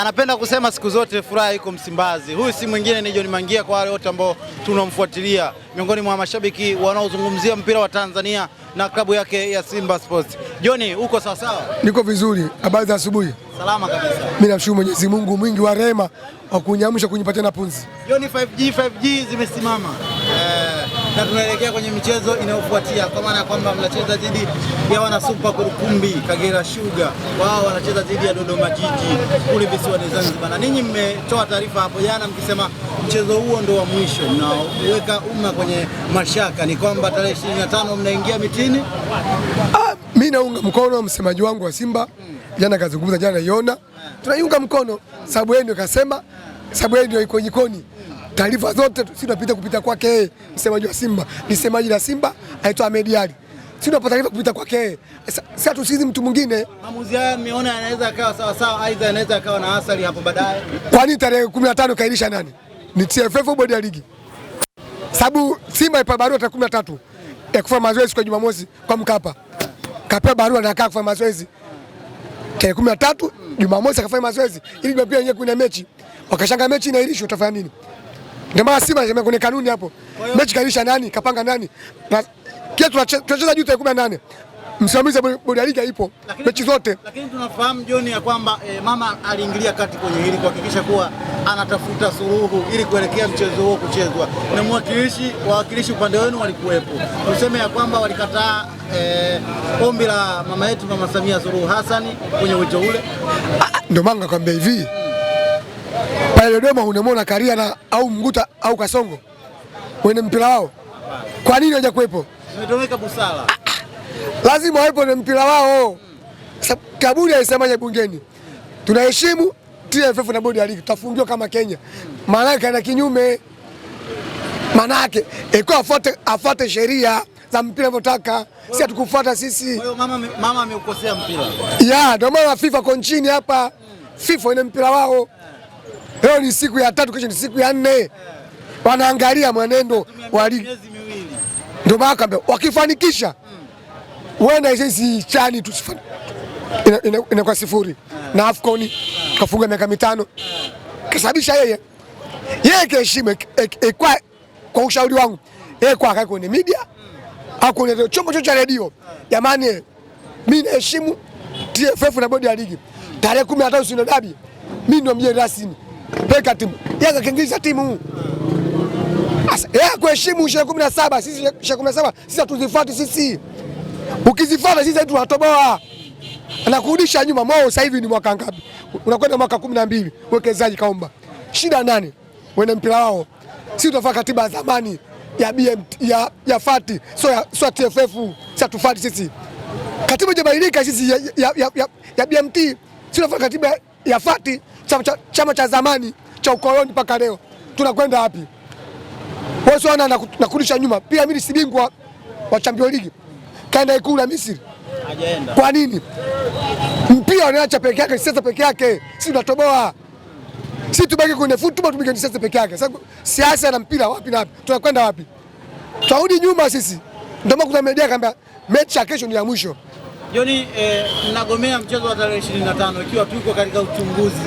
anapenda kusema siku zote furaha iko Msimbazi. Huyu si mwingine ni John Mangia, kwa wale wote ambao tunamfuatilia miongoni mwa mashabiki wanaozungumzia mpira wa Tanzania na klabu yake ya Simba Sports. John, uko sawa sawa? Niko vizuri. Habari za asubuhi? Salama kabisa. Mimi namshukuru Mwenyezi Mungu mwingi wa rehema wa kunyamsha kunipatia na punzi. John, 5G 5G zimesimama eh na tunaelekea kwenye michezo inayofuatia kwa maana ya kwamba mnacheza dhidi ya wana Super Kurukumbi Kagera Sugar, wao wanacheza dhidi ya Dodoma Jiji kule visiwani Zanzibar, na ninyi mmetoa taarifa hapo jana mkisema mchezo huo ndo wa mwisho mnaweka umma kwenye mashaka, ni kwamba tarehe 25 mnaingia mitini. Ah, mimi naunga mkono msemaji wangu wa Simba jana kazungumza, jana naiona, tunaiunga mkono sababu yeye ndio kasema, sababu yeye ndio iko jikoni taarifa zote sisi tunapita kupita kwake yeye, msemaji wa Simba, ni msemaji la Simba aitwa Ahmed Ally, sisi tunapata taarifa kupita kwake yeye. Sasa tusizi mtu mwingine. Maamuzi haya mmeona yanaweza akawa sawa sawa, aidha anaweza akawa na athari hapo baadaye. Kwa nini tarehe 15 kailisha nani? Ni TFF, bodi ya ligi, sababu Simba ipa barua tarehe 13 ya kufanya mazoezi kwa Jumamosi kwa Mkapa, kapewa barua na akaa kufanya mazoezi tarehe 13 Jumamosi akafanya mazoezi ili Jumapili yenyewe kuna mechi, wakashanga mechi inailishwa, utafanya nini? Ndio maana Simba kwenye kanuni hapo. Mechi kaisha nani? Kapanga nani? Na kia tunacheza juu tarehe 18. Msimamizi bodi ya ligi ipo mechi zote. Lakini tunafahamu John ya kwamba e, mama aliingilia kati kwenye hili kuhakikisha kuwa anatafuta suluhu ili kuelekea mchezo huo kuchezwa. Na mwakilishi wawakilishi upande wenu walikuwepo. Tuseme ya kwamba walikataa e, ombi la mama yetu Mama Samia Suluhu Hassan kwenye wito ule. Ah, ah, ndio maana nakwambia hivi pale Dodoma unamwona Karia na au Mguta au Kasongo wenye mpira wao, kwa nini haja kuwepo? Umetoweka busara, ah, ah. lazima wawepo na mpira wao. Kaburi alisemaje bungeni? Tunaheshimu TFF na bodi ya ligi, tutafungiwa kama Kenya. Maana yake ana kinyume, maana yake ilikuwa afuate, afuate sheria za mpira anavyotaka, si atukufuata sisi. Kwa hiyo mama, mama ameukosea mpira ya ndio maana FIFA kwa nchini hapa, hmm. FIFA ina mpira wao. Leo ni siku ya tatu, kesho ni siku ya nne, wanaangalia mwenendo wa ligi. Ndio maana wakifanikisha wenda sisi chani inakuwa ina sifuri na Afcon kafunga miaka mitano kasababisha yeye yeye kiheshima kwa, kwa ushauri wangu yeye kwa akae ni media au kwenye chombo cho cha redio. Jamani, mimi naheshimu TFF na bodi ya ligi. Tarehe 15 sio dabi, mimi ndio mjeni rasmi kupeleka timu Yanga, kaingiza timu sasa. Yeye kuheshimu shule 17, sisi shule 17 sisi hatuzifuati sisi, ukizifuata sisi tunatoboa na kurudisha nyuma. Mwao sasa hivi ni mwaka ngapi? Unakwenda mwaka 12, wekezaji kaomba shida nani? Wene mpira wao, sisi tunafaa katiba ya zamani ya BMT, ya, ya fati so ya, so ya TFF sisi hatufati sisi katiba ijabadilika sisi ya, ya, ya, ya, ya BMT sisi tunafaa katiba ya fati chama cha, chama cha zamani cha ukoloni mpaka leo, tunakwenda wapi? Wewe sana nakurudisha nyuma. Pia mimi si bingwa wa Champions League, kaenda ikulu ya Misri, hajaenda. Kwa nini mpira unaacha peke yake? Siasa peke yake, si tunatoboa, si tubaki kwenye tubaki tupige siasa peke yake. Sasa siasa na mpira wapi na wapi? Tunakwenda wapi? Tutarudi nyuma sisi. Ndio maana kuna media kaambia mechi ya kesho ni ya mwisho. Joni, eh, nagomea mchezo wa tarehe 25 ikiwa tuko katika uchunguzi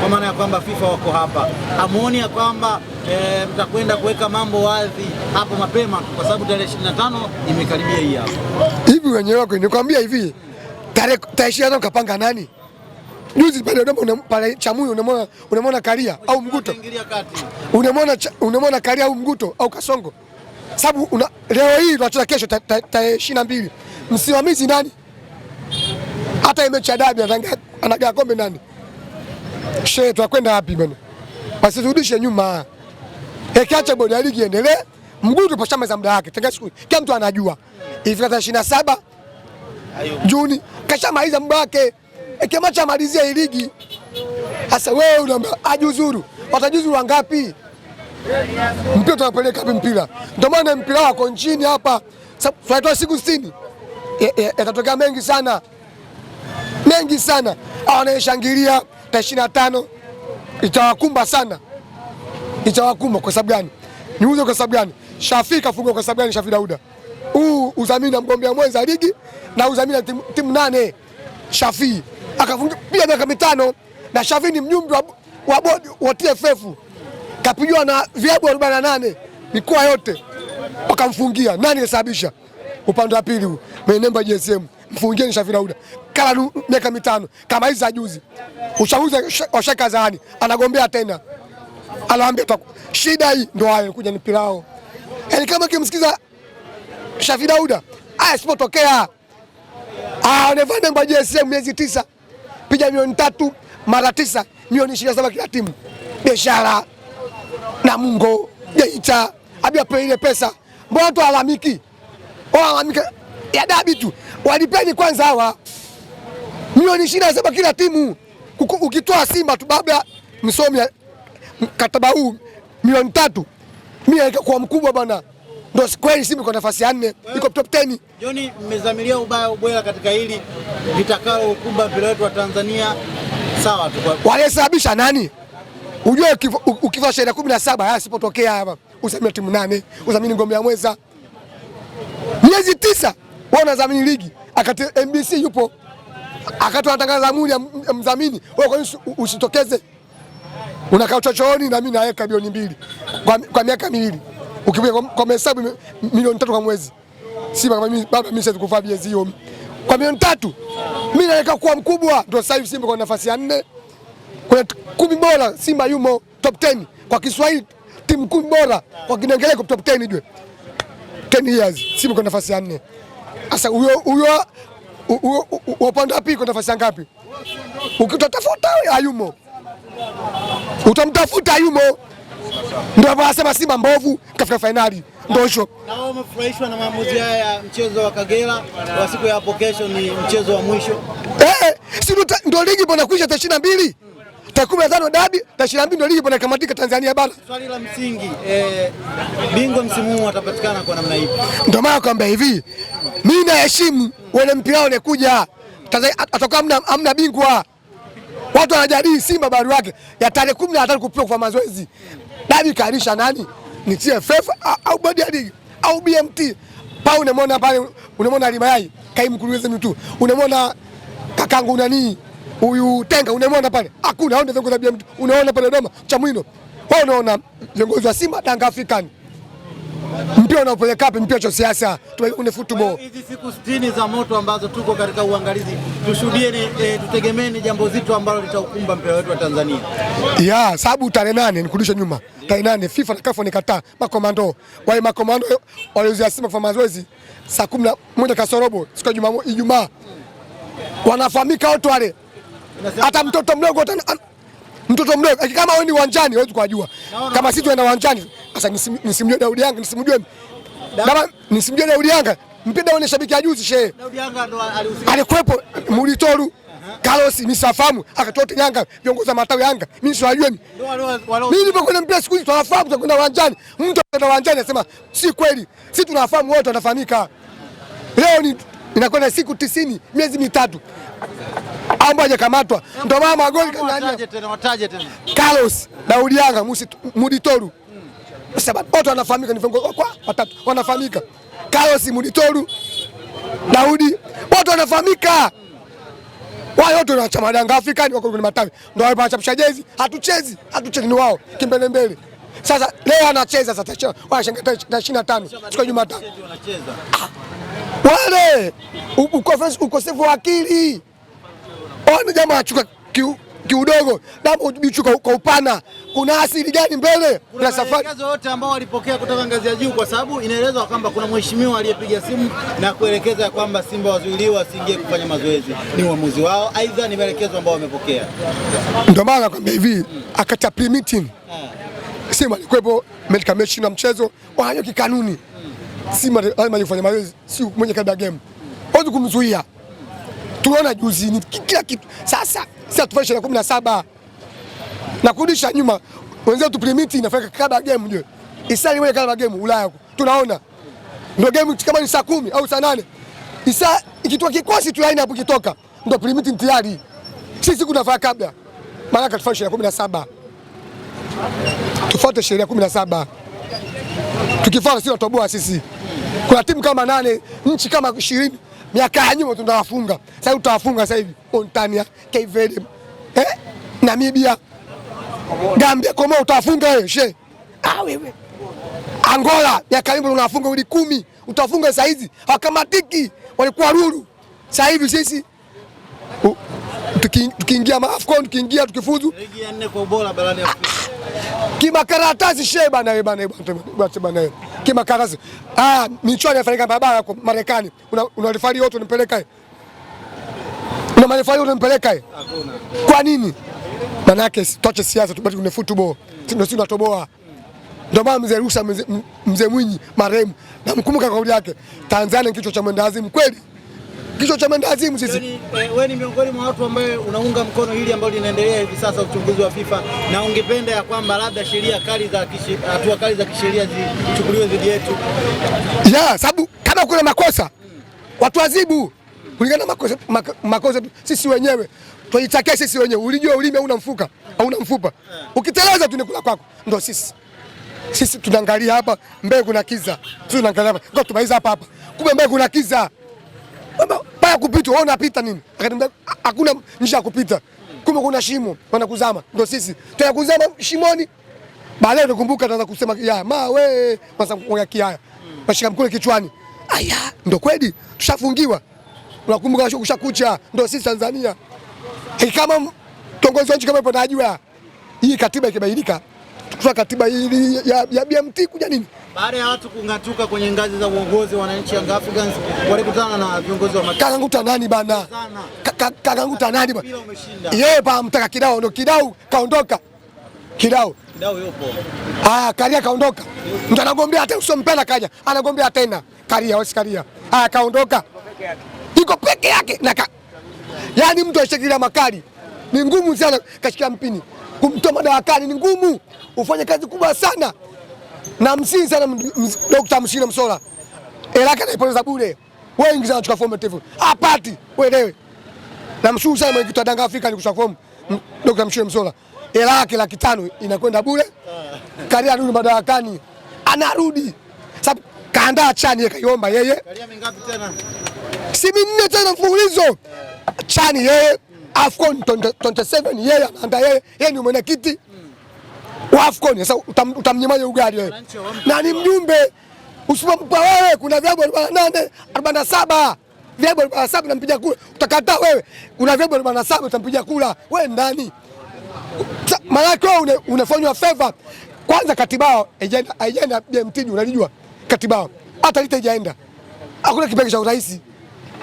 kwa maana ya kwamba FIFA wako hapa, hamuoni ya kwamba e, mtakwenda kuweka mambo wazi hapo mapema, kwa sababu tarehe 25 imekaribia hii hapa. Hivi wenyewe wako nikwambia hivi tarehe tarehe 25 kapanga nani? Juzi pale Dodoma pale Chamuyo unamwona unamwona Karia au Mguto, unamwona unamwona Karia au Mguto au Kasongo, sababu una leo hii tunacheza kesho tarehe 22. na msimamizi nani? Hata imecha anaga anagaa kombe nani? Shehe, tunakwenda wapi bwana? Wasirudishe nyuma. Ekiacha eh, bodi ya ligi iendelee, mguu tupo chama za muda wake. Tangia siku kila mtu anajua. Ifika tarehe 27 Juni kashamaliza muda wake. Ekiacha eh, amalizie hii ligi. Sasa wewe unaambia ajuzuru. Watajuzuru wangapi? Mpira tunapeleka wapi mpira? Ndio maana mpira wako nchini hapa. Tunaitoa siku 60. Eh, yatatokea mengi sana. Mengi sana. Anaeshangilia. wanashangilia na ishirini na tano itawakumba sana, itawakumba. Kwa sababu gani? Niuze kwa sababu gani? Shafi kafunga kwa sababu gani? Shafi Dauda huu uzamini na mgombea mwenza ligi na na timu tim nane, Shafi akafunga pia miaka mitano, na Shafi ni mjumbe wa, wa bodi wa TFF kapigwa na vilabu 48 mikoa yote wakamfungia. Nani kasababisha? Upande wa pili huu menemba JSM mfungieni Shafii Dauda kala miaka mitano kama hizi za juzi, uchaguzi zaani, anagombea tena, anaambia shida hii ndo hayo kuja ni pilao. Yani kama kimsikiza Shafii Dauda aya, sipotokea anevanda ah, kwa JSM miezi tisa, piga milioni tatu mara tisa, milioni ishirini na saba kila timu, biashara na mungo jaita abia pele ile pesa, mbona tu alamiki walalamika ya dabi tu walipeni kwanza hawa milioni ishirini na saba kila timu. Ukitoa Simba tu baba msomi mkataba huu milioni tatu, mimi kwa mkubwa bwana Ndo kweli Simba kwa nafasi ya nne, iko top 10. Joni, mmezamilia ubaya ubwela katika hili litakalo ukumba mpira wetu wa Tanzania. Sawa tu kwa walesababisha nani? Ujue ukifa shehena kumi na saba sipotokea hapa usamini timu nane, usamini ngombe ya mweza miezi tisa wewe unadhamini ligi akati MBC yupo akati tangazo la ya mdhamini, wewe kwa nini usitokeze? Unakaa uchochooni na mimi naweka bilioni mbili kwa, kwa miaka miwili ukipiga kwa mahesabu milioni tatu kwa mwezi. Simba kama mimi baba mimi siwezi kuvaa jezi hiyo kwa milioni tatu, mimi naweka kuwa mkubwa. Ndio sasa hivi Simba kwa nafasi ya nne kwenye kumi bora, Simba yumo top 10 kwa Kiswahili, timu kumi bora kwa Kiingereza top 10 jwe 10 years, Simba kwa nafasi ya nne. Sasa huyo wapanda wapi? Kwa nafasi ngapi? Ukitatafuta hayumo, utamtafuta hayumo. Ndio asema Simba mbovu kafika fainali. Ndio hicho. Na wao wamefurahishwa na maamuzi haya ya mchezo wa Kagera wa siku ya hapo. Kesho ni mchezo wa mwisho eh, eh si ndio ligi bwana, kuisha tarehe 22 tarehe kumi na tano dabi na ishirini na mbili ndio ligi panakamatika Tanzania bara. Swali la msingi eh, bingwa msimu huu atapatikana kwa namna ipi? Ndio maana kwamba hivi mimi naheshimu wale mpira wanakuja Tanzania, atakuwa amna bingwa. Watu wanajadili Simba bari wake ya tarehe kumi na tano kupiwa kwa mazoezi dabi, kaanisha nani ni TFF au bodi ya ligi au BMT pa unamwona pale, unamwona alimayai kaimkuruweze mtu, unamwona kakangu nanii huyu Tenga unamwona pale, hakuna hao zangu viongozi wa BMT unaona pale Dodoma Chamwino. wewe unaona viongozi wa Simba Tanga African. Mpira unaopeleka wapi? Mpira cha siasa tuone football. Hizi siku 60 za moto ambazo tuko katika uangalizi, tushuhudie eh, ni e, tutegemeeni jambo zito ambalo litaukumba mpira wetu wa Tanzania. Ya, sababu tarehe nane nikurudisha nyuma. Tarehe nane FIFA na CAF nikataa makomando. Wale makomando waliuzia Simba kwa mazoezi saa 11 kasorobo siku ya Ijumaa. Wanafahamika watu wale hata mtoto mdogo an... mtoto mdogo kama wewe ni uwanjani hawezi kujua, kama sisi tuenda uwanjani. Sasa nisimjue Daudi Yanga, nisimjue kama nisimjue Daudi Yanga, mpenda wewe ni shabiki juzi shehe. Daudi Yanga ndo alihusika, alikwepo Mulitoru Carlos misafamu akatoa Yanga viongozi wa matawi Yanga, mimi siwajui mimi nipo kwenye mpira siku hizi, tunafahamu tunakwenda uwanjani. Mtu anaenda uwanjani anasema si kweli, sisi tunafahamu wote wanafahamika. Leo ni inakwenda siku tisini miezi mitatu ambao kamatwa. ndio maana magoli kama Wataje wataje tena, tena. Carlos Daudi Daudiaga Muditoru watu wanafahamika, ni viongozi kwa watatu wanafahamika, Carlos Muditoru Daudi watu wanafahamika wao wote na chama danga ni wako kwenye matawi ndio wao wanachapisha jezi. Hatuchezi, hatuchezi ni wao kimbele mbele. Sasa leo anacheza sasa, wanashangaa ishirini na tano siku ya Jumatano ah, wale ukosefu wa akili waone oh, jamaa anachuka kiudogo nachuka kwa upana. Kuna asili gani mbele? Kuna maelekezo yote ambao walipokea kutoka ngazi ya juu, kwa sababu inaelezwa kwamba kuna mheshimiwa aliyepiga simu na kuelekeza kwamba Simba wazuiliwe wasiingie kufanya mazoezi. Ni uamuzi wao, aidha ni maelekezo ambao wamepokea. Ndio maana nakwambia hivi hmm. akata pre meeting hmm. Simba alikuwepo medical mechi na mchezo wao kikanuni hmm. Simba lazima ifanye mazoezi, si mwenye kabla game, hawezi kumzuia tuliona juzi ni kila kitu. Sasa sasa tufanye tarehe kumi na saba na kurudisha nyuma wenzetu primiti inafanya kabla ya game je, isali wewe kabla ya game Ulaya huko. tunaona ndio game kama ni saa kumi au saa nane isa ikitoka kikosi tu line hapo ikitoka ndio primiti tayari. Sisi kunafaa kabla, maana tufanye sheria kumi na saba tufuate sheria kumi na saba tukifuata sio toboa sisi. Kuna timu kama nane nchi kama ishirini miaka ya nyuma tunawafunga, sasa utawafunga sasa hivi Montania, Cape Verde, eh, Namibia, Gambia, Komoro utawafunga wewe she. Ah wewe. Angola miaka nyuma tunawafunga uli kumi, utawafunga sasa hizi hawakamatiki, walikuwa ruru. Sasa hivi sisi tukiingia tuki maafcon tukiingia tukifuzu ligi ya nne kwa ubora barani Afrika. Kimakaratasi she bana wewe bana bana kimakaratasi. Ah, michuano inafanyika barabara kwa Marekani, una refari wote unimpeleka, una marefari wote unimpeleka. Kwa nini? Manake tuache siasa, tubaki kwenye football, ndio sisi tunatoboa. Ndio maana mzee Rusa, mzee Mwinyi marehemu, namkumbuka kauli yake, Tanzania kichwa cha mwendawazimu kweli kichwa cha mandazimu sisi. Eh, wewe ni miongoni mwa watu ambao unaunga mkono hili ambalo linaendelea hivi sasa, uchunguzi wa FIFA, na ungependa ya kwamba labda sheria kali za hatua kali za kisheria zichukuliwe dhidi yetu, ya sababu kama kuna makosa hmm, watu adhibu kulingana makosa, makosa sisi wenyewe tujitakee sisi wenyewe. Ulijua ulimi hauna mfuka hauna mfupa, eh. ukiteleza tu nikula kwako. Ndio sisi sisi tunaangalia hapa mbele kuna kiza, sisi tunaangalia hapa ngo tumaliza hapa hapa, kumbe mbele kuna kiza kupita, wewe unapita nini? Akaniambia hakuna njia ya kupita, kumbe kuna shimo, kuzama. Ndio sisi tena kuzama shimoni, baadaye nakumbuka naanza kusema ya mawe masakuya kiaya nashika mkono kichwani. Aya, ndio kweli tushafungiwa, unakumbuka kushakucha. Ndio sisi Tanzania kama kiongozi wa nchi kama ipo najua hii katiba ikibadilika, tukua katiba hii ya, ya, ya BMT kuja nini baada ya watu kungatuka kwenye ngazi za uongozi, wananchi Young Africans walikutana na viongozi wa mataifa. Kakanguta nani bana? Kakanguta nani bana? Yeye pa mtaka kidao ndo kidao kaondoka. Kidao. Kidao yupo. Ah, Karia kaondoka. Mtu anagombea hata usompenda kaja. Anagombea tena. Karia wasi Karia. Ah, kaondoka. Iko peke yake na ka... Yaani mtu ashikilia makali. Ni ngumu sana kashikia mpini. Kumtoa madarakani ni ngumu. Ufanye kazi kubwa sana na msingi sana Dr. Mshina Msola. Elaka naipoteza bure. Wewe ingiza na chukua fomu tefu. Apati, ah, uelewe. Namshukuru sana mwenyekiti wa Danga Afrika ni alikuchukua fomu Dr. Mshina Msola. Elaka laki tano inakwenda bure. Karia rudi madarakani. Anarudi. Sababu kaandaa chani kaiomba yeye. Karia mingapi tena? Si minne tena mfululizo. Chani yeye. Afcon 27 yeye anaandaa yeye. Yeye ni mwenyekiti wa AFCON. Sasa utam, utamnyemaje ugali wewe? Na ni mjumbe usipompa wewe, kuna vilabu 48 47 vilabu 47 nampiga kula, utakataa wewe? Kuna vilabu 47 utampiga kula wewe ndani, maanake wewe unafanywa favor. Kwanza katiba haijaenda BMT, unalijua katiba hata lita ijaenda. hakuna kipengele cha urais.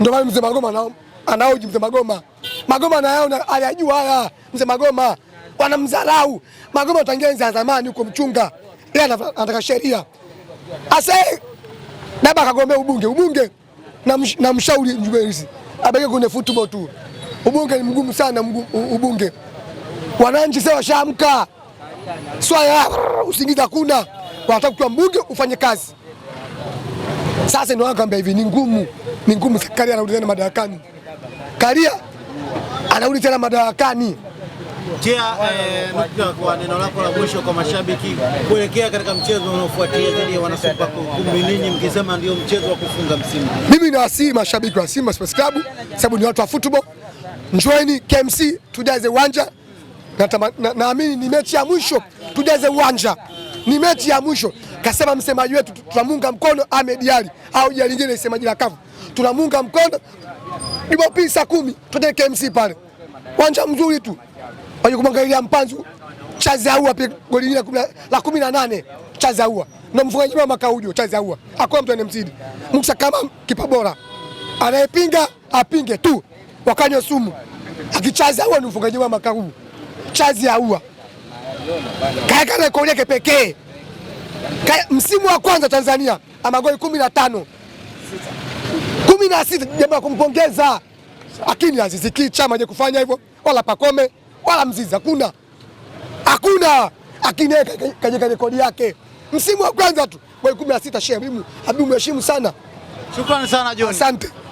Ndio maana mzee Magoma anao anaoji mzee Magoma Magoma na anayaona, aliyajua haya mzee Magoma wanamdharau. Magoma utangia za zamani huko mchunga, yeye anataka sheria ase naba kagombea ubunge, ubunge na mshauri Njumeizi. abeke kwenye football tu. Ubunge ni mgumu sana ubunge wananchi sasa washamka. swaya usingiza kuna. wanataka kwa mbunge ufanye kazi. Sasa ndio wakaambia hivi, ni ngumu, ni ngumu. Karia anarudi tena madarakani, Karia anarudi tena madarakani. Tia eh, Nukta, kwa neno lako la mwisho kwa mashabiki kuelekea katika mchezo unaofuatia dhidi ya wana Super Kumi, ninyi mkisema ndio mchezo wa kufunga msimu, mimi nawasihi mashabiki wa Simba Sports Club, sababu ni watu wa football, njoeni KMC tujaze uwanja. Naamini ni mechi ya mwisho, tujaze uwanja, ni mechi ya mwisho. Kasema msemaji wetu, tunamunga mkono Ahmed Ally au jina lingine msemaji la kavu, tunamunga mkono Jumapili saa kumi, twende KMC pale, uwanja mzuri tu walikubangalia mpanzu chazaua pia goli ile la kumi na nane chazaua na mfungaji wa makaujo chazaua, hakuna mtu anemzidi Musa kama kipa bora, anayepinga apinge tu, wakanywa sumu. Akichazaua ni mfungaji wa makaujo chazaua, kaeka na goli yake pekee msimu wa kwanza Tanzania, ama goli kumi na tano kumi na sita Jambo kumpongeza, lakini Aziz Ki Chama je kufanya hivyo wala Pakome wala mzizi hakuna, hakuna akineka kanyeka rekodi yake msimu wa kwanza tu goli 16. Shehe Abimu, Abimu mheshimu sana. Shukrani sana John. Asante.